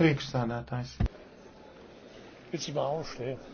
Priekšsādātājs. Pēc jau aušļiem.